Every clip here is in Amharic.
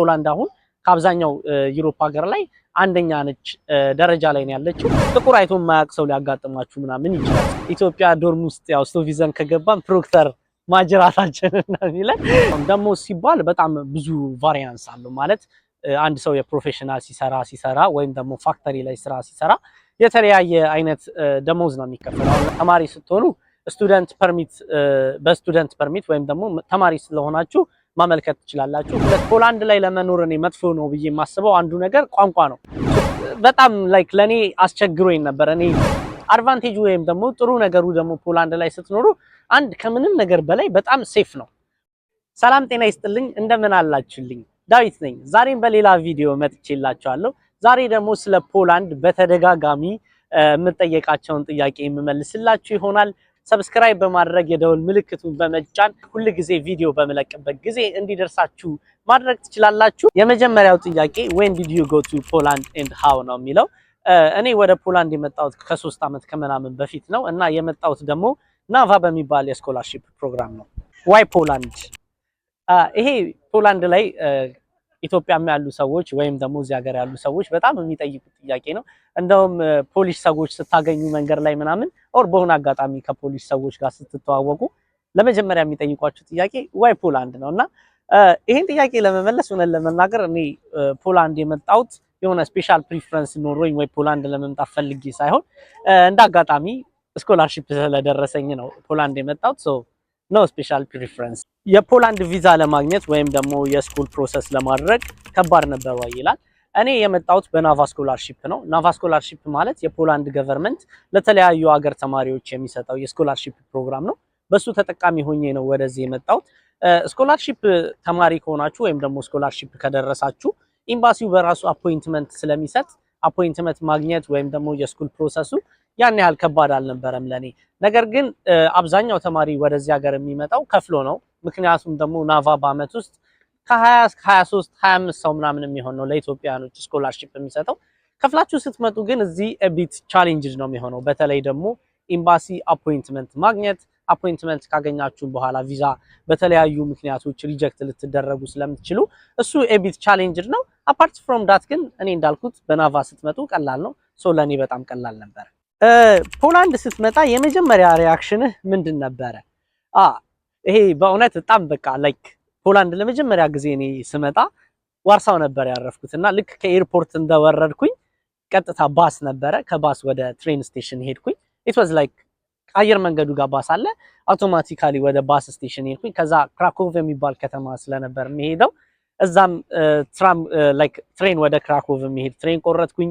ፖላንድ አሁን ከአብዛኛው ዩሮፓ ሀገር ላይ አንደኛ ነች ደረጃ ላይ ነው ያለችው። ጥቁር አይቶ ማያቅ ሰው ሊያጋጥማችሁ ምናምን ይችላል። ኢትዮጵያ ዶርም ውስጥ ያው ስቶቭ ይዘን ከገባን ፕሮክተር ማጅራታችንን የሚለን ደግሞ ሲባል በጣም ብዙ ቫሪያንስ አለው ማለት አንድ ሰው የፕሮፌሽናል ሲሰራ ሲሰራ ወይም ደግሞ ፋክተሪ ላይ ስራ ሲሰራ የተለያየ አይነት ደሞዝ ነው የሚከፈለው። ተማሪ ስትሆኑ ስቱደንት ፐርሚት በስቱደንት ፐርሚት ወይም ደግሞ ተማሪ ስለሆናችሁ ማመልከት ትችላላችሁ። ፖላንድ ላይ ለመኖር እኔ መጥፎ ነው ብዬ የማስበው አንዱ ነገር ቋንቋ ነው። በጣም ላይክ ለእኔ አስቸግሮኝ ነበር። እኔ አድቫንቴጅ ወይም ደግሞ ጥሩ ነገሩ ደግሞ ፖላንድ ላይ ስትኖሩ አንድ ከምንም ነገር በላይ በጣም ሴፍ ነው። ሰላም ጤና ይስጥልኝ፣ እንደምን አላችሁልኝ? ዳዊት ነኝ። ዛሬም በሌላ ቪዲዮ መጥቼላችኋለሁ። ዛሬ ደግሞ ስለ ፖላንድ በተደጋጋሚ የምጠየቃቸውን ጥያቄ የምመልስላችሁ ይሆናል። ሰብስክራይብ በማድረግ የደውል ምልክቱን በመጫን ሁል ጊዜ ቪዲዮ በመለቅበት ጊዜ እንዲደርሳችሁ ማድረግ ትችላላችሁ። የመጀመሪያው ጥያቄ ዌን ዲድ ዩ ጎ ቱ ፖላንድ ኤንድ ሃው ነው የሚለው። እኔ ወደ ፖላንድ የመጣሁት ከሶስት ዓመት ከምናምን በፊት ነው እና የመጣሁት ደግሞ ናቫ በሚባል የስኮላርሺፕ ፕሮግራም ነው። ዋይ ፖላንድ? ይሄ ፖላንድ ላይ ኢትዮጵያም ያሉ ሰዎች ወይም ደግሞ እዚህ ሀገር ያሉ ሰዎች በጣም የሚጠይቁት ጥያቄ ነው። እንደውም ፖሊሽ ሰዎች ስታገኙ መንገድ ላይ ምናምን ኦር በሆነ አጋጣሚ ከፖሊሽ ሰዎች ጋር ስትተዋወቁ ለመጀመሪያ የሚጠይቋቸው ጥያቄ ዋይ ፖላንድ ነው እና ይህን ጥያቄ ለመመለስ ሆነን ለመናገር እኔ ፖላንድ የመጣሁት የሆነ ስፔሻል ፕሪፈረንስ ኖሮኝ ወይ ፖላንድ ለመምጣት ፈልጌ ሳይሆን እንደ አጋጣሚ ስኮላርሺፕ ስለደረሰኝ ነው ፖላንድ የመጣሁት። ነው ስፔሻል ፕሪፈረንስ። የፖላንድ ቪዛ ለማግኘት ወይም ደግሞ የስኩል ፕሮሰስ ለማድረግ ከባድ ነበር ወይ ይላል። እኔ የመጣሁት በናቫ ስኮላርሺፕ ነው። ናቫ ስኮላርሺፕ ማለት የፖላንድ ገቨርንመንት ለተለያዩ ሀገር ተማሪዎች የሚሰጠው የስኮላርሺፕ ፕሮግራም ነው። በሱ ተጠቃሚ ሆኜ ነው ወደዚህ የመጣሁት። ስኮላርሺፕ ተማሪ ከሆናችሁ ወይም ደግሞ ስኮላርሺፕ ከደረሳችሁ ኤምባሲው በራሱ አፖይንትመንት ስለሚሰጥ አፖይንትመንት ማግኘት ወይም ደግሞ የስኩል ፕሮሰሱ ያን ያህል ከባድ አልነበረም ለኔ። ነገር ግን አብዛኛው ተማሪ ወደዚህ ሀገር የሚመጣው ከፍሎ ነው። ምክንያቱም ደግሞ ናቫ በአመት ውስጥ ከ20 እስከ 23 25 ሰው ምናምን የሚሆን ነው ለኢትዮጵያውያኖች ስኮላርሺፕ የሚሰጠው። ከፍላችሁ ስትመጡ ግን እዚህ ቢት ቻሌንጅድ ነው የሚሆነው። በተለይ ደግሞ ኤምባሲ አፖይንትመንት ማግኘት አፖይንትመንት ካገኛችሁ በኋላ ቪዛ በተለያዩ ምክንያቶች ሪጀክት ልትደረጉ ስለምትችሉ እሱ ኤቢት ቻሌንጅድ ነው። አፓርት ፍሮም ዳት ግን እኔ እንዳልኩት በናቫ ስትመጡ ቀላል ነው። ሰው ለእኔ በጣም ቀላል ነበር። ፖላንድ ስትመጣ የመጀመሪያ ሪያክሽንህ ምንድን ነበረ? ይሄ በእውነት በጣም በቃ ላይክ ፖላንድ ለመጀመሪያ ጊዜ እኔ ስመጣ ዋርሳው ነበር ያረፍኩት እና ልክ ከኤርፖርት እንደወረድኩኝ ቀጥታ ባስ ነበረ። ከባስ ወደ ትሬን ስቴሽን ሄድኩኝ። ኢት ዋዝ ላይክ አየር መንገዱ ጋር ባስ አለ። አውቶማቲካሊ ወደ ባስ ስቴሽን ሄድኩኝ። ከዛ ክራኮቭ የሚባል ከተማ ስለነበር የሚሄደው እዛም ትራም ላይክ ትሬን ወደ ክራኮቭ የሚሄድ ትሬን ቆረጥኩኝ።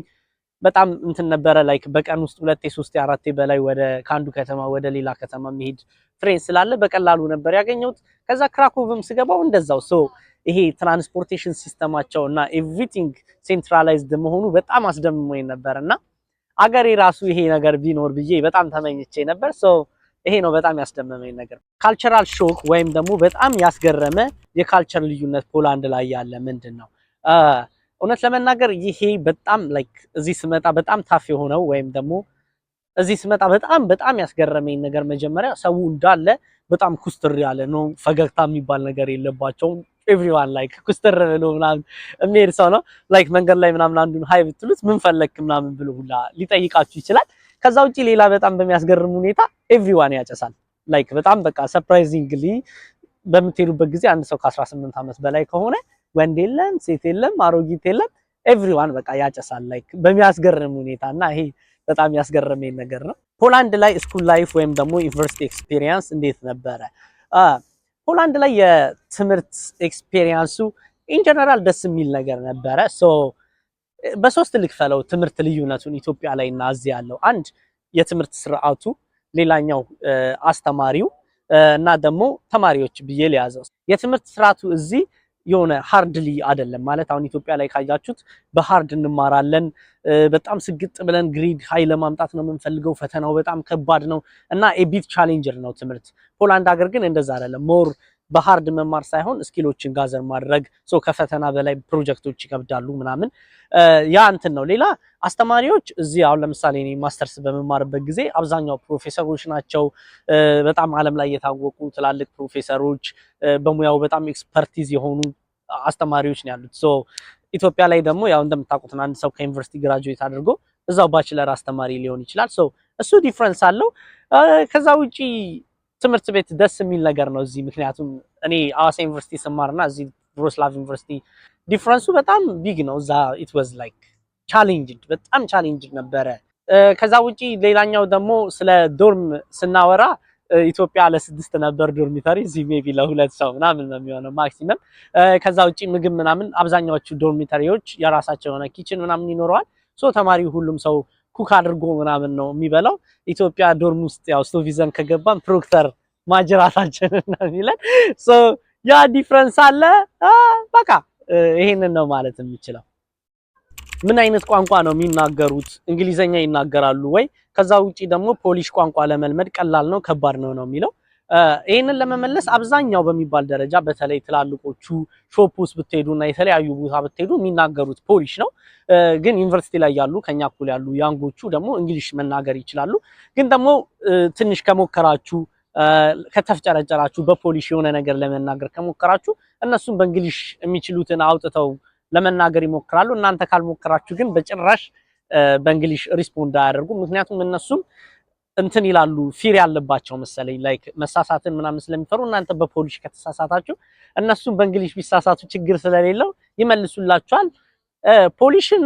በጣም እንትን ነበረ ላይክ በቀን ውስጥ ሁለቴ ሶስቴ አራቴ በላይ ወደ ከአንዱ ከተማ ወደ ሌላ ከተማ መሄድ ትሬን ስላለ በቀላሉ ነበር ያገኘሁት። ከዛ ክራኮቭም ስገባው እንደዛው ሰው ይሄ ትራንስፖርቴሽን ሲስተማቸው እና ኤቭሪቲንግ ሴንትራላይዝድ መሆኑ በጣም አስደምሞኝ ነበር እና አገሬ ራሱ ይሄ ነገር ቢኖር ብዬ በጣም ተመኝቼ ነበር። ሶ ይሄ ነው በጣም ያስደመመኝ ነገር። ካልቸራል ሾክ ወይም ደግሞ በጣም ያስገረመ የካልቸር ልዩነት ፖላንድ ላይ ያለ ምንድን ነው? እውነት ለመናገር ይሄ በጣም ላይክ እዚህ ስመጣ በጣም ታፍ የሆነው ወይም ደግሞ እዚህ ስመጣ በጣም በጣም ያስገረመኝ ነገር መጀመሪያ ሰው እንዳለ በጣም ኩስትር ያለ ነው። ፈገግታ የሚባል ነገር የለባቸውም። ኤቭሪዋን ላይክ ኩስትር ብሎ ምናምን የሚሄድ ሰው ነው። ላይክ መንገድ ላይ ምናምን አንዱን ሀይ ብትሉት ምን ፈለክ ምናምን ብሎ ሁላ ሊጠይቃችሁ ይችላል። ከዛ ውጪ ሌላ በጣም በሚያስገርም ሁኔታ ኤቭሪዋን ያጨሳል። ላይክ በጣም በቃ ሰርፕራይዚንግሊ በምትሄዱበት ጊዜ አንድ ሰው ከ18 ዓመት በላይ ከሆነ ወንድ የለም፣ ሴት የለም፣ አሮጊት የለም። ኤቭሪዋን በቃ ያጨሳል ላይክ በሚያስገርም ሁኔታ እና ይሄ በጣም ያስገረመኝ ነገር ነው። ፖላንድ ላይ ስኩል ላይፍ ወይም ደግሞ ዩኒቨርሲቲ ኤክስፔሪየንስ እንዴት ነበረ? ፖላንድ ላይ የትምህርት ኤክስፔሪየንሱ ኢንጀነራል ደስ የሚል ነገር ነበረ። ሶ በሶስት ልክፈለው ትምህርት ልዩነቱን ኢትዮጵያ ላይ እና እዚህ ያለው አንድ የትምህርት ስርዓቱ፣ ሌላኛው አስተማሪው እና ደግሞ ተማሪዎች ብዬ ሊያዘው የትምህርት ስርዓቱ እዚህ የሆነ ሃርድሊ አይደለም ማለት አሁን ኢትዮጵያ ላይ ካያችሁት በሀርድ እንማራለን። በጣም ስግጥ ብለን ግሪድ ሀይ ለማምጣት ነው የምንፈልገው። ፈተናው በጣም ከባድ ነው እና ኤቢት ቻሌንጀር ነው ትምህርት። ፖላንድ ሀገር ግን እንደዛ አይደለም ሞር በሀርድ መማር ሳይሆን ስኪሎችን ጋዘር ማድረግ ሰው ከፈተና በላይ ፕሮጀክቶች ይከብዳሉ ምናምን ያ እንትን ነው። ሌላ አስተማሪዎች እዚህ አሁን ለምሳሌ እኔ ማስተርስ በመማርበት ጊዜ አብዛኛው ፕሮፌሰሮች ናቸው። በጣም ዓለም ላይ የታወቁ ትላልቅ ፕሮፌሰሮች በሙያው በጣም ኤክስፐርቲዝ የሆኑ አስተማሪዎች ነው ያሉት። ሶ ኢትዮጵያ ላይ ደግሞ ያው እንደምታውቁት አንድ ሰው ከዩኒቨርሲቲ ግራጁዌት አድርጎ እዛው ባችለር አስተማሪ ሊሆን ይችላል። ሶ እሱ ዲፍረንስ አለው። ከዛ ውጪ ትምህርት ቤት ደስ የሚል ነገር ነው እዚህ። ምክንያቱም እኔ አዋሳ ዩኒቨርሲቲ ስማርና እዚህ ብሮስላቭ ዩኒቨርሲቲ ዲፍረንሱ በጣም ቢግ ነው። እዛ ኢት ወዝ ላይክ ቻሌንጅድ በጣም ቻሌንጅድ ነበረ። ከዛ ውጪ ሌላኛው ደግሞ ስለ ዶርም ስናወራ ኢትዮጵያ ለስድስት ነበር ዶርሚተሪ፣ እዚህ ሜቢ ለሁለት ሰው ምናምን ነው የሚሆነው ማክሲመም። ከዛ ውጪ ምግብ ምናምን አብዛኛዎቹ ዶርሚተሪዎች የራሳቸው የሆነ ኪችን ምናምን ይኖረዋል። ሶ ተማሪ ሁሉም ሰው ኩክ አድርጎ ምናምን ነው የሚበላው። ኢትዮጵያ ዶርም ውስጥ ያው ስቶቭ ይዘን ከገባን ፕሮክተር ማጅራታችንን ነው የሚለን። ያ ዲፍረንስ አለ። በቃ ይሄንን ነው ማለት የምችለው። ምን አይነት ቋንቋ ነው የሚናገሩት? እንግሊዘኛ ይናገራሉ ወይ? ከዛ ውጪ ደግሞ ፖሊሽ ቋንቋ ለመልመድ ቀላል ነው ከባድ ነው ነው የሚለው ይህንን ለመመለስ አብዛኛው በሚባል ደረጃ በተለይ ትላልቆቹ ሾፕ ውስጥ ብትሄዱ እና የተለያዩ ቦታ ብትሄዱ የሚናገሩት ፖሊሽ ነው። ግን ዩኒቨርሲቲ ላይ ያሉ ከኛ እኩል ያሉ ያንጎቹ ደግሞ እንግሊሽ መናገር ይችላሉ። ግን ደግሞ ትንሽ ከሞከራችሁ ከተፍጨረጨራችሁ በፖሊሽ የሆነ ነገር ለመናገር ከሞከራችሁ እነሱም በእንግሊሽ የሚችሉትን አውጥተው ለመናገር ይሞክራሉ። እናንተ ካልሞከራችሁ ግን በጭራሽ በእንግሊሽ ሪስፖንድ አያደርጉም። ምክንያቱም እነሱም እንትን ይላሉ ፊር ያለባቸው መሰለኝ ላይክ መሳሳትን ምናምን ስለሚፈሩ እናንተ በፖሊሽ ከተሳሳታችሁ እነሱም በእንግሊሽ ቢሳሳቱ ችግር ስለሌለው ይመልሱላችኋል። ፖሊሽን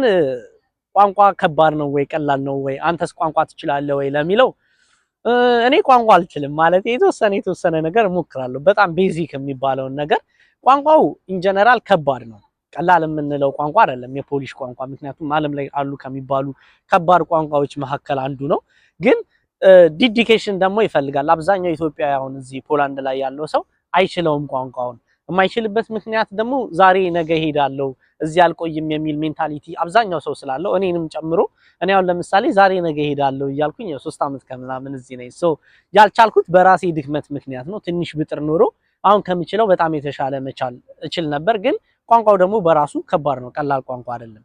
ቋንቋ ከባድ ነው ወይ ቀላል ነው ወይ አንተስ ቋንቋ ትችላለህ ወይ ለሚለው እኔ ቋንቋ አልችልም ማለት የተወሰነ የተወሰነ ነገር እሞክራለሁ። በጣም ቤዚክ የሚባለውን ነገር ቋንቋው ኢንጀነራል ከባድ ነው። ቀላል የምንለው ቋንቋ አይደለም የፖሊሽ ቋንቋ፣ ምክንያቱም ዓለም ላይ አሉ ከሚባሉ ከባድ ቋንቋዎች መካከል አንዱ ነው ግን ዲዲኬሽን ደግሞ ይፈልጋል። አብዛኛው ኢትዮጵያ አሁን እዚህ ፖላንድ ላይ ያለው ሰው አይችለውም ቋንቋውን። የማይችልበት ምክንያት ደግሞ ዛሬ ነገ ሄዳለው እዚህ አልቆይም የሚል ሜንታሊቲ አብዛኛው ሰው ስላለው እኔንም ጨምሮ እኔ አሁን ለምሳሌ ዛሬ ነገ ሄዳለው እያልኩኝ ሶስት ዓመት ከምናምን እዚህ ነኝ። ሰው ያልቻልኩት በራሴ ድክመት ምክንያት ነው። ትንሽ ብጥር ኖሮ አሁን ከምችለው በጣም የተሻለ መቻል እችል ነበር። ግን ቋንቋው ደግሞ በራሱ ከባድ ነው፣ ቀላል ቋንቋ አይደለም።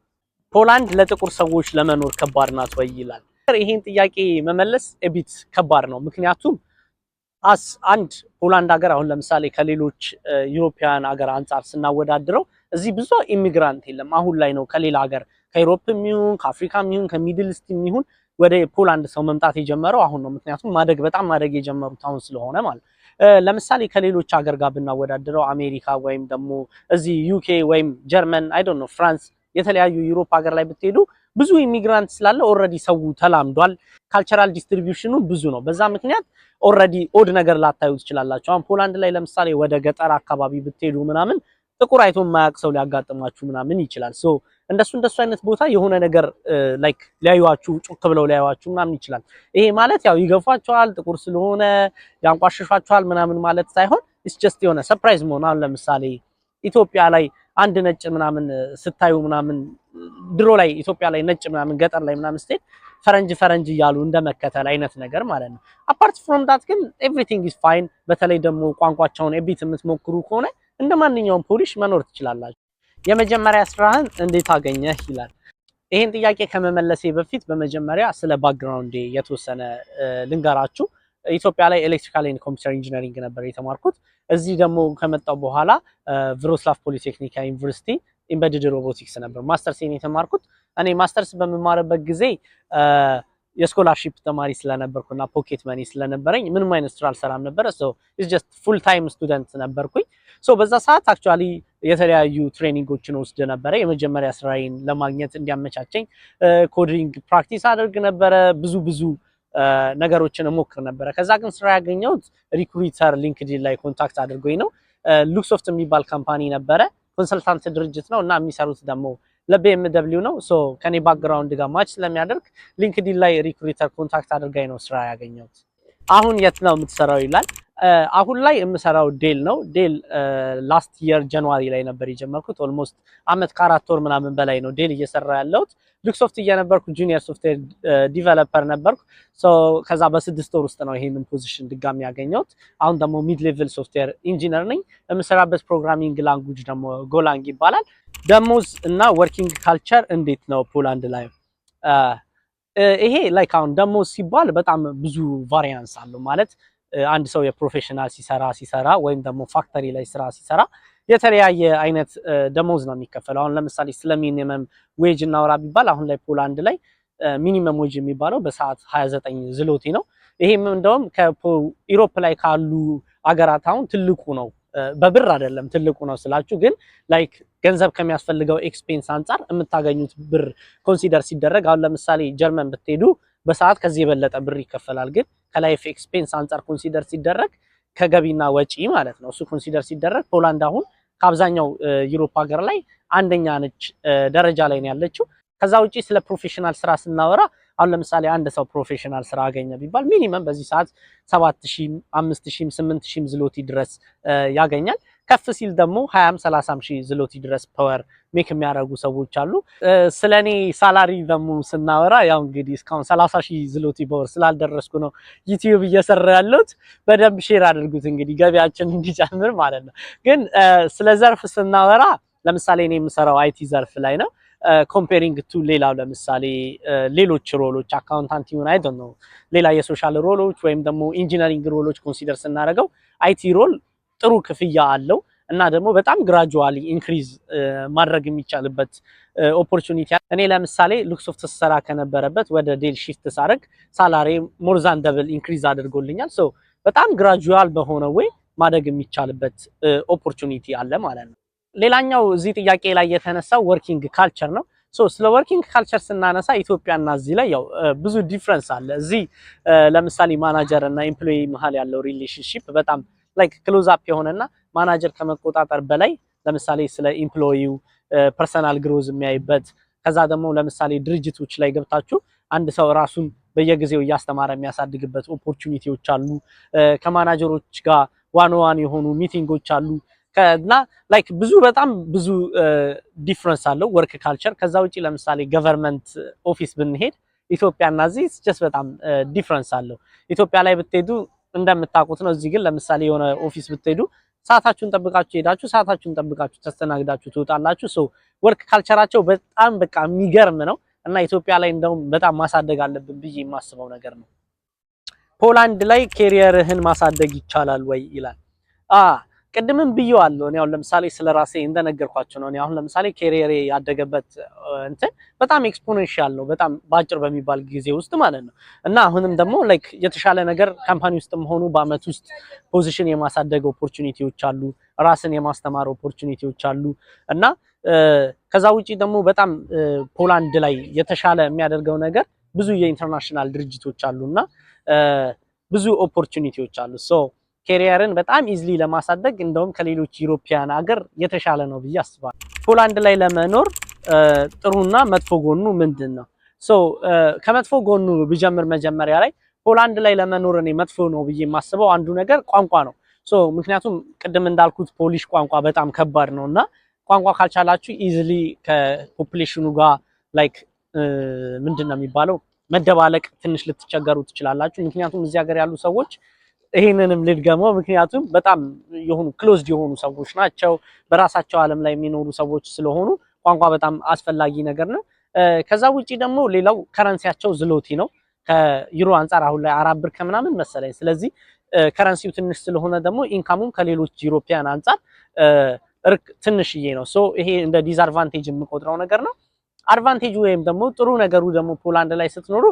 ፖላንድ ለጥቁር ሰዎች ለመኖር ከባድ ናት ወይ ይላል። ይሄን ጥያቄ መመለስ ኤቢት ከባድ ነው። ምክንያቱም አስ አንድ ሆላንድ ሀገር አሁን ለምሳሌ ከሌሎች ዩሮፒያን ሀገር አንጻር ስናወዳድረው እዚህ ብዙ ኢሚግራንት የለም። አሁን ላይ ነው ከሌላ ሀገር ከአውሮፓ የሚሆን ከአፍሪካ የሚሆን ከሚድል ኢስት የሚሆን ወደ ፖላንድ ሰው መምጣት የጀመረው አሁን ነው። ምክንያቱም ማደግ በጣም ማደግ የጀመሩት አሁን ስለሆነ ማለት ለምሳሌ ከሌሎች ሀገር ጋር ብናወዳድረው አሜሪካ ወይም ደግሞ እዚህ ዩኬ ወይም ጀርመን አይ ዶንት ኖ ፍራንስ የተለያዩ ዩሮፓ ሀገር ላይ ብትሄዱ ብዙ ኢሚግራንት ስላለ ኦልሬዲ ሰው ተላምዷል። ካልቸራል ዲስትሪቢዩሽኑ ብዙ ነው። በዛ ምክንያት ኦልሬዲ ኦድ ነገር ላታዩ ትችላላችሁ። አሁን ፖላንድ ላይ ለምሳሌ ወደ ገጠር አካባቢ ብትሄዱ ምናምን ጥቁር አይቶ የማያውቅ ሰው ሊያጋጥማችሁ ምናምን ይችላል። ሶ እንደሱ እንደሱ አይነት ቦታ የሆነ ነገር ላይክ ሊያዩዋችሁ፣ ጩክ ብለው ሊያዩዋችሁ ምናምን ይችላል። ይሄ ማለት ያው ይገፏቸዋል፣ ጥቁር ስለሆነ ያንቋሽሿቸዋል ምናምን ማለት ሳይሆን ኢትስ ጀስት የሆነ ሰርፕራይዝ መሆን። አሁን ለምሳሌ ኢትዮጵያ ላይ አንድ ነጭ ምናምን ስታዩ ምናምን ድሮ ላይ ኢትዮጵያ ላይ ነጭ ምናምን ገጠር ላይ ምናምን ስትሄድ ፈረንጅ ፈረንጅ እያሉ እንደመከተል አይነት ነገር ማለት ነው። አፓርት ፍሮም ዳት ግን ኤቭሪቲንግ ኢዝ ፋይን። በተለይ ደግሞ ቋንቋቸውን ኤቢት የምትሞክሩ ከሆነ እንደ ማንኛውም ፖሊሽ መኖር ትችላላችሁ። የመጀመሪያ ስራህን እንዴት አገኘህ ይላል። ይህን ጥያቄ ከመመለሴ በፊት በመጀመሪያ ስለ ባክግራውንድ የተወሰነ ልንገራችሁ። ኢትዮጵያ ላይ ኤሌክትሪካል ኤንድ ኮምፒውተር ኢንጂነሪንግ ነበር የተማርኩት። እዚህ ደግሞ ከመጣው በኋላ ቭሮስላቭ ፖሊቴክኒካ ዩኒቨርሲቲ ኢምበድድ ሮቦቲክስ ነበር ማስተርሴን የተማርኩት። እኔ ማስተርስ በምማርበት ጊዜ የስኮላርሺፕ ተማሪ ስለነበርኩና ፖኬት መኒ ስለነበረኝ ምንም አይነት ስራ አልሰራም ነበር። ሶ ኢትስ ጀስት ፉል ታይም ስቱደንት ነበርኩኝ። ሶ በዛ ሰዓት አክቹአሊ የተለያዩ ትሬኒንጎችን ወስድ ነበረ። የመጀመሪያ ስራዬን ለማግኘት እንዲያመቻቸኝ ኮዲንግ ፕራክቲስ አድርግ ነበረ። ብዙ ብዙ ነገሮችን እሞክር ነበረ። ከዛ ግን ስራ ያገኘሁት ሪክሩተር ሊንክድን ላይ ኮንታክት አድርጎኝ ነው። ሉክሶፍት የሚባል ካምፓኒ ነበረ ኮንሰልታንት ድርጅት ነው እና የሚሰሩት ደግሞ ለቤም ደብሊው ነው። ሶ ከኔ ባክግራውንድ ጋር ማች ስለሚያደርግ ሊንክዲን ላይ ሪክሩተር ኮንታክት አድርጋኝ ነው ስራ ያገኘሁት። አሁን የት ነው የምትሰራው ይላል። አሁን ላይ የምሰራው ዴል ነው። ዴል ላስት የር ጃንዋሪ ላይ ነበር የጀመርኩት። ኦልሞስት አመት ከአራት ወር ምናምን በላይ ነው ዴል እየሰራ ያለሁት። ሉክሶፍት እየነበርኩ ጁኒየር ሶፍትዌር ዲቨሎፐር ነበርኩ። ከዛ በስድስት ወር ውስጥ ነው ይሄንን ፖዚሽን ድጋሚ ያገኘሁት። አሁን ደግሞ ሚድ ሌቭል ሶፍትዌር ኢንጂነር ነኝ። የምሰራበት ፕሮግራሚንግ ላንጉጅ ደግሞ ጎላንግ ይባላል። ደሞዝ እና ወርኪንግ ካልቸር እንዴት ነው ፖላንድ ላይ? ይሄ ላይክ አሁን ደሞዝ ሲባል በጣም ብዙ ቫሪያንስ አለው ማለት አንድ ሰው የፕሮፌሽናል ሲሰራ ሲሰራ ወይም ደግሞ ፋክተሪ ላይ ስራ ሲሰራ የተለያየ አይነት ደሞዝ ነው የሚከፈለው። አሁን ለምሳሌ ስለ ሚኒመም ዌጅ እናውራ ቢባል አሁን ላይ ፖላንድ ላይ ሚኒመም ዌጅ የሚባለው በሰዓት 29 ዝሎቲ ነው። ይሄም እንደውም ከኢሮፕ ላይ ካሉ አገራት አሁን ትልቁ ነው። በብር አይደለም ትልቁ ነው ስላችሁ፣ ግን ላይክ ገንዘብ ከሚያስፈልገው ኤክስፔንስ አንጻር የምታገኙት ብር ኮንሲደር ሲደረግ አሁን ለምሳሌ ጀርመን ብትሄዱ በሰዓት ከዚህ የበለጠ ብር ይከፈላል። ግን ከላይፍ ኤክስፔንስ አንጻር ኮንሲደር ሲደረግ ከገቢና ወጪ ማለት ነው። እሱ ኮንሲደር ሲደረግ ፖላንድ አሁን ከአብዛኛው ዩሮፕ ሀገር ላይ አንደኛ ነች ደረጃ ላይ ነው ያለችው። ከዛ ውጪ ስለ ፕሮፌሽናል ስራ ስናወራ አሁን ለምሳሌ አንድ ሰው ፕሮፌሽናል ስራ አገኘ ቢባል ሚኒመም በዚህ ሰዓት ሰባት ሺህም አምስት ሺህም ስምንት ሺህም ዝሎቲ ድረስ ያገኛል። ከፍ ሲል ደግሞ ሀያም ሰላሳም ሺህ ዝሎቲ ድረስ ፐወር ሜክ የሚያደርጉ ሰዎች አሉ። ስለ እኔ ሳላሪ ደግሞ ስናወራ ያው እንግዲህ እስካሁን ሰላሳ ሺህ ዝሎቲ በወር ስላልደረስኩ ነው ዩቲዩብ እየሰራ ያለሁት። በደንብ ሼር አድርጉት እንግዲህ ገቢያችን እንዲጨምር ማለት ነው። ግን ስለ ዘርፍ ስናወራ ለምሳሌ እኔ የምሰራው አይቲ ዘርፍ ላይ ነው። ኮምፔሪንግ ቱ ሌላው ለምሳሌ ሌሎች ሮሎች አካውንታንት ይሁን አይ ነው ሌላ የሶሻል ሮሎች ወይም ደግሞ ኢንጂነሪንግ ሮሎች ኮንሲደር ስናደርገው አይቲ ሮል ጥሩ ክፍያ አለው። እና ደግሞ በጣም ግራጁዋሊ ኢንክሪዝ ማድረግ የሚቻልበት ኦፖርቹኒቲ። እኔ ለምሳሌ ሉክሶፍት ስሰራ ከነበረበት ወደ ዴል ሺፍት ሳደርግ ሳላሪ ሞርዛን ደብል ኢንክሪዝ አድርጎልኛል። ሶ በጣም ግራጁዋል በሆነ ወይ ማደግ የሚቻልበት ኦፖርቹኒቲ አለ ማለት ነው። ሌላኛው እዚህ ጥያቄ ላይ የተነሳው ወርኪንግ ካልቸር ነው። ሶ ስለ ወርኪንግ ካልቸር ስናነሳ ኢትዮጵያና እዚህ ላይ ያው ብዙ ዲፍረንስ አለ። እዚህ ለምሳሌ ማናጀር እና ኤምፕሎይ መሀል ያለው ሪሌሽንሺፕ በጣም ላይክ ክሎዝ አፕ የሆነና ማናጀር ከመቆጣጠር በላይ ለምሳሌ ስለ ኢምፕሎይው ፐርሰናል ግሮዝ የሚያይበት ከዛ ደግሞ ለምሳሌ ድርጅቶች ላይ ገብታችሁ አንድ ሰው ራሱን በየጊዜው እያስተማረ የሚያሳድግበት ኦፖርቹኒቲዎች አሉ። ከማናጀሮች ጋር ዋን ዋን የሆኑ ሚቲንጎች አሉ እና ላይክ ብዙ በጣም ብዙ ዲፍረንስ አለው ወርክ ካልቸር። ከዛ ውጭ ለምሳሌ ገቨርንመንት ኦፊስ ብንሄድ እና እዚህ ስጀስ በጣም ዲፍረንስ አለው። ኢትዮጵያ ላይ ብትሄዱ እንደምታውቁት ነው። እዚህ ግን ለምሳሌ የሆነ ኦፊስ ብትሄዱ ሰዓታችሁን ጠብቃችሁ ሄዳችሁ ሰዓታችሁን ጠብቃችሁ ተስተናግዳችሁ ትወጣላችሁ ሶ ወርክ ካልቸራቸው በጣም በቃ የሚገርም ነው እና ኢትዮጵያ ላይ እንደውም በጣም ማሳደግ አለብን ብዬ የማስበው ነገር ነው። ፖላንድ ላይ ኬሪየርህን ማሳደግ ይቻላል ወይ ይላል። ቅድምም ብየዋለሁ። እኔ አሁን ለምሳሌ ስለ ራሴ እንደነገርኳችሁ ነው። እኔ አሁን ለምሳሌ ኬሪየሬ ያደገበት እንትን በጣም ኤክስፖኔንሻል ነው፣ በጣም በአጭር በሚባል ጊዜ ውስጥ ማለት ነው። እና አሁንም ደግሞ ላይክ የተሻለ ነገር ካምፓኒ ውስጥም ሆኑ በአመት ውስጥ ፖዚሽን የማሳደግ ኦፖርቹኒቲዎች አሉ፣ ራስን የማስተማር ኦፖርቹኒቲዎች አሉ እና ከዛ ውጪ ደግሞ በጣም ፖላንድ ላይ የተሻለ የሚያደርገው ነገር ብዙ የኢንተርናሽናል ድርጅቶች አሉ እና ብዙ ኦፖርቹኒቲዎች አሉ ሶ ኬሪየርን በጣም ኢዝሊ ለማሳደግ እንደውም ከሌሎች ዩሮፒያን ሀገር የተሻለ ነው ብዬ አስባለሁ። ፖላንድ ላይ ለመኖር ጥሩና መጥፎ ጎኑ ምንድን ነው? ሶ ከመጥፎ ጎኑ ብጀምር መጀመሪያ ላይ ፖላንድ ላይ ለመኖር እኔ መጥፎ ነው ብዬ የማስበው አንዱ ነገር ቋንቋ ነው። ሶ ምክንያቱም ቅድም እንዳልኩት ፖሊሽ ቋንቋ በጣም ከባድ ነው እና ቋንቋ ካልቻላችሁ ኢዝሊ ከፖፕሌሽኑ ጋር ላይክ ምንድን ነው የሚባለው መደባለቅ ትንሽ ልትቸገሩ ትችላላችሁ። ምክንያቱም እዚህ ሀገር ያሉ ሰዎች ይህንንም ልድገመው፣ ምክንያቱም በጣም የሆኑ ክሎዝድ የሆኑ ሰዎች ናቸው። በራሳቸው ዓለም ላይ የሚኖሩ ሰዎች ስለሆኑ ቋንቋ በጣም አስፈላጊ ነገር ነው። ከዛ ውጪ ደግሞ ሌላው ከረንሲያቸው ዝሎቲ ነው። ከዩሮ አንጻር አሁን ላይ አራት ብር ከምናምን መሰለኝ። ስለዚህ ከረንሲው ትንሽ ስለሆነ ደግሞ ኢንካሙም ከሌሎች ዩሮፒያን አንጻር እርቅ ትንሽዬ ነው። ሶ ይሄ እንደ ዲስአድቫንቴጅ የምቆጥረው ነገር ነው። አድቫንቴጅ ወይም ደግሞ ጥሩ ነገሩ ደግሞ ፖላንድ ላይ ስትኖሩ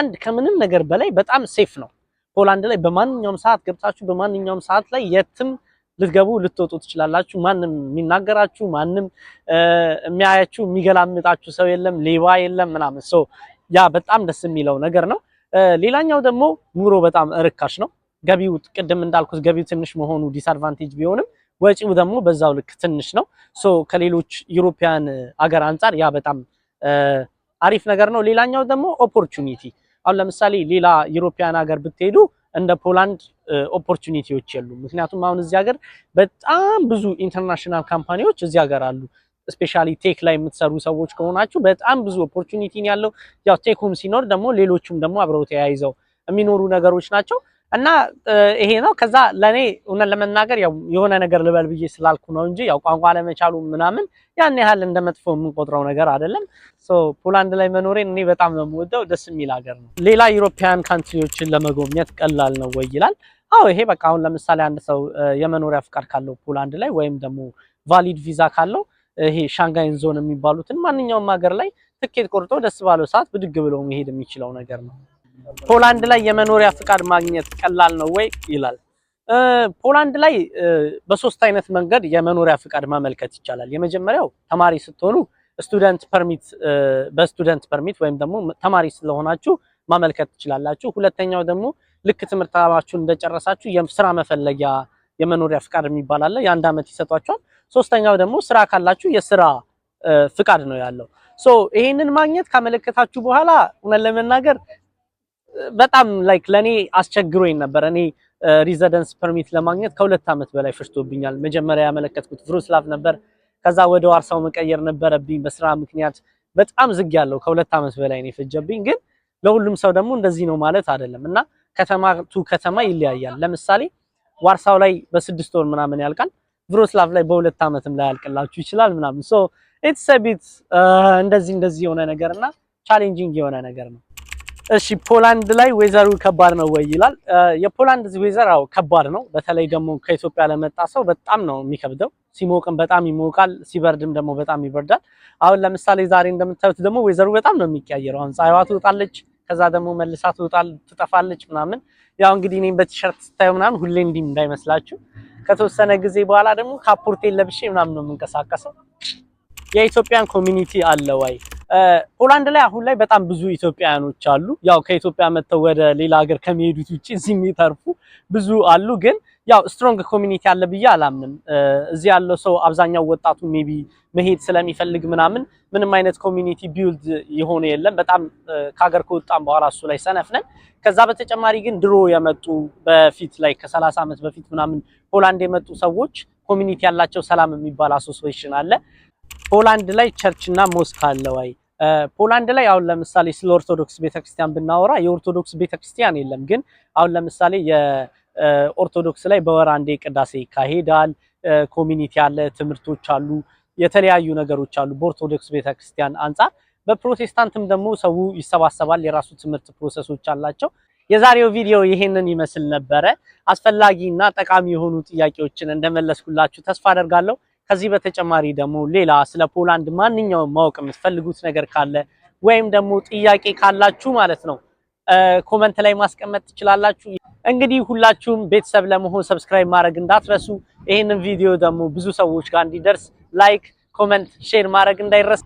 አንድ ከምንም ነገር በላይ በጣም ሴፍ ነው። ፖላንድ ላይ በማንኛውም ሰዓት ገብታችሁ በማንኛውም ሰዓት ላይ የትም ልትገቡ ልትወጡ ትችላላችሁ። ማንም የሚናገራችሁ ማንም የሚያያችሁ የሚገላምጣችሁ ሰው የለም፣ ሌባ የለም ምናምን። ሶ ያ በጣም ደስ የሚለው ነገር ነው። ሌላኛው ደግሞ ኑሮ በጣም እርካሽ ነው። ገቢው ቅድም እንዳልኩት ገቢው ትንሽ መሆኑ ዲስአድቫንቴጅ ቢሆንም ወጪው ደግሞ በዛው ልክ ትንሽ ነው። ሶ ከሌሎች ዩሮፒያን አገር አንጻር ያ በጣም አሪፍ ነገር ነው። ሌላኛው ደግሞ ኦፖርቹኒቲ አሁን ለምሳሌ ሌላ ዩሮፒያን ሀገር ብትሄዱ እንደ ፖላንድ ኦፖርቹኒቲዎች የሉም። ምክንያቱም አሁን እዚህ ሀገር በጣም ብዙ ኢንተርናሽናል ካምፓኒዎች እዚህ ሀገር አሉ። ስፔሻሊ ቴክ ላይ የምትሰሩ ሰዎች ከሆናችሁ በጣም ብዙ ኦፖርቹኒቲን ያለው ያው ሆም ሲኖር ደግሞ ሌሎቹም ደግሞ አብረው ተያይዘው የሚኖሩ ነገሮች ናቸው። እና ይሄ ነው። ከዛ ለኔ እውነት ለመናገር ያው የሆነ ነገር ልበል ብዬ ስላልኩ ነው እንጂ ያው ቋንቋ ለመቻሉ ምናምን ያን ያህል እንደ መጥፎ የምንቆጥረው ነገር አይደለም። ሶ ፖላንድ ላይ መኖሬን እኔ በጣም ነው የምወደው። ደስ የሚል ሀገር ነው። ሌላ ዩሮፒያን ካንትሪዎችን ለመጎብኘት ቀላል ነው ወይ ይላል። አዎ ይሄ በቃ አሁን ለምሳሌ አንድ ሰው የመኖሪያ ፍቃድ ካለው ፖላንድ ላይ ወይም ደግሞ ቫሊድ ቪዛ ካለው ይሄ ሻንጋይን ዞን የሚባሉትን ማንኛውም ሀገር ላይ ትኬት ቆርጦ ደስ ባለው ሰዓት ብድግ ብሎ መሄድ የሚችለው ነገር ነው። ፖላንድ ላይ የመኖሪያ ፍቃድ ማግኘት ቀላል ነው ወይ ይላል። ፖላንድ ላይ በሶስት አይነት መንገድ የመኖሪያ ፍቃድ ማመልከት ይቻላል። የመጀመሪያው ተማሪ ስትሆኑ ስቱደንት ፐርሚት በስቱደንት ፐርሚት ወይም ደግሞ ተማሪ ስለሆናችሁ ማመልከት ትችላላችሁ። ሁለተኛው ደግሞ ልክ ትምህርታችሁን እንደጨረሳችሁ የስራ መፈለጊያ የመኖሪያ ፍቃድ የሚባል አለ። የአንድ ዓመት ይሰጧችኋል። ሶስተኛው ደግሞ ስራ ካላችሁ የስራ ፍቃድ ነው ያለው። ሶ ይሄንን ማግኘት ካመለከታችሁ በኋላ እውነት ለመናገር በጣም ላይክ ለኔ አስቸግሮኝ ነበር። እኔ ሪዘደንስ ፐርሚት ለማግኘት ከሁለት ዓመት በላይ ፈጅቶብኛል። መጀመሪያ ያመለከትኩት ቭሮስላቭ ነበር። ከዛ ወደ ዋርሳው መቀየር ነበረብኝ በስራ ምክንያት በጣም ዝግ ያለው ከሁለት ዓመት በላይ ነው የፈጀብኝ። ግን ለሁሉም ሰው ደግሞ እንደዚህ ነው ማለት አይደለም እና ከተማ ቱ ከተማ ይለያያል። ለምሳሌ ዋርሳው ላይ በስድስት ወር ምናምን ያልቃል። ቭሮስላቭ ላይ በሁለት ዓመትም ላይ ያልቅላችሁ ይችላል ምናምን ሶ ኢትስ ቢት እንደዚህ እንደዚህ የሆነ ነገር እና ቻሌንጂንግ የሆነ ነገር ነው። እሺ ፖላንድ ላይ ዌዘሩ ከባድ ነው ወይ ይላል። የፖላንድ ዌዘር አው ከባድ ነው። በተለይ ደግሞ ከኢትዮጵያ ለመጣ ሰው በጣም ነው የሚከብደው። ሲሞቅም በጣም ይሞቃል፣ ሲበርድም ደግሞ በጣም ይበርዳል። አሁን ለምሳሌ ዛሬ እንደምታዩት ደግሞ ዌዘሩ በጣም ነው የሚቀያየረው። አሁን ፀሐይዋ ትወጣለች፣ ከዛ ደግሞ መልሳ ትወጣል፣ ትጠፋለች ምናምን። ያው እንግዲህ እኔም በቲሸርት ስታዩ ምናምን ሁሌ እንዲህ እንዳይመስላችሁ። ከተወሰነ ጊዜ በኋላ ደግሞ ካፖርቴን ለብሼ ምናምን ነው የምንቀሳቀሰው። የኢትዮጵያን ኮሚኒቲ አለ ወይ ሆላንድ ላይ አሁን ላይ በጣም ብዙ ኢትዮጵያውያኖች አሉ። ያው ከኢትዮጵያ መጥተው ወደ ሌላ ሀገር ከሚሄዱት ውጭ እዚህ የሚተርፉ ብዙ አሉ። ግን ያው ስትሮንግ ኮሚኒቲ አለ ብዬ አላምንም። እዚህ ያለው ሰው አብዛኛው ወጣቱ ሜቢ መሄድ ስለሚፈልግ ምናምን ምንም አይነት ኮሚኒቲ ቢውልድ የሆነ የለም። በጣም ከሀገር ከወጣም በኋላ እሱ ላይ ሰነፍነን። ከዛ በተጨማሪ ግን ድሮ የመጡ በፊት ላይ ከሰላሳ ዓመት በፊት ምናምን ሆላንድ የመጡ ሰዎች ኮሚኒቲ ያላቸው ሰላም የሚባል አሶሲዬሽን አለ ሆላንድ ላይ ቸርችና ሞስክ አለ ወይ ፖላንድ ላይ አሁን ለምሳሌ ስለ ኦርቶዶክስ ቤተክርስቲያን ብናወራ የኦርቶዶክስ ቤተክርስቲያን የለም። ግን አሁን ለምሳሌ የኦርቶዶክስ ላይ በወር አንዴ ቅዳሴ ይካሄዳል። ኮሚኒቲ አለ፣ ትምህርቶች አሉ፣ የተለያዩ ነገሮች አሉ በኦርቶዶክስ ቤተክርስቲያን አንጻር። በፕሮቴስታንትም ደግሞ ሰው ይሰባሰባል። የራሱ ትምህርት ፕሮሰሶች አላቸው። የዛሬው ቪዲዮ ይሄንን ይመስል ነበረ። አስፈላጊ እና ጠቃሚ የሆኑ ጥያቄዎችን እንደመለስኩላችሁ ተስፋ አደርጋለሁ። ከዚህ በተጨማሪ ደግሞ ሌላ ስለ ፖላንድ ማንኛውም ማወቅ የምትፈልጉት ነገር ካለ ወይም ደግሞ ጥያቄ ካላችሁ ማለት ነው ኮመንት ላይ ማስቀመጥ ትችላላችሁ። እንግዲህ ሁላችሁም ቤተሰብ ለመሆን ሰብስክራይብ ማድረግ እንዳትረሱ። ይህንን ቪዲዮ ደግሞ ብዙ ሰዎች ጋር እንዲደርስ ላይክ፣ ኮመንት፣ ሼር ማድረግ እንዳይረስ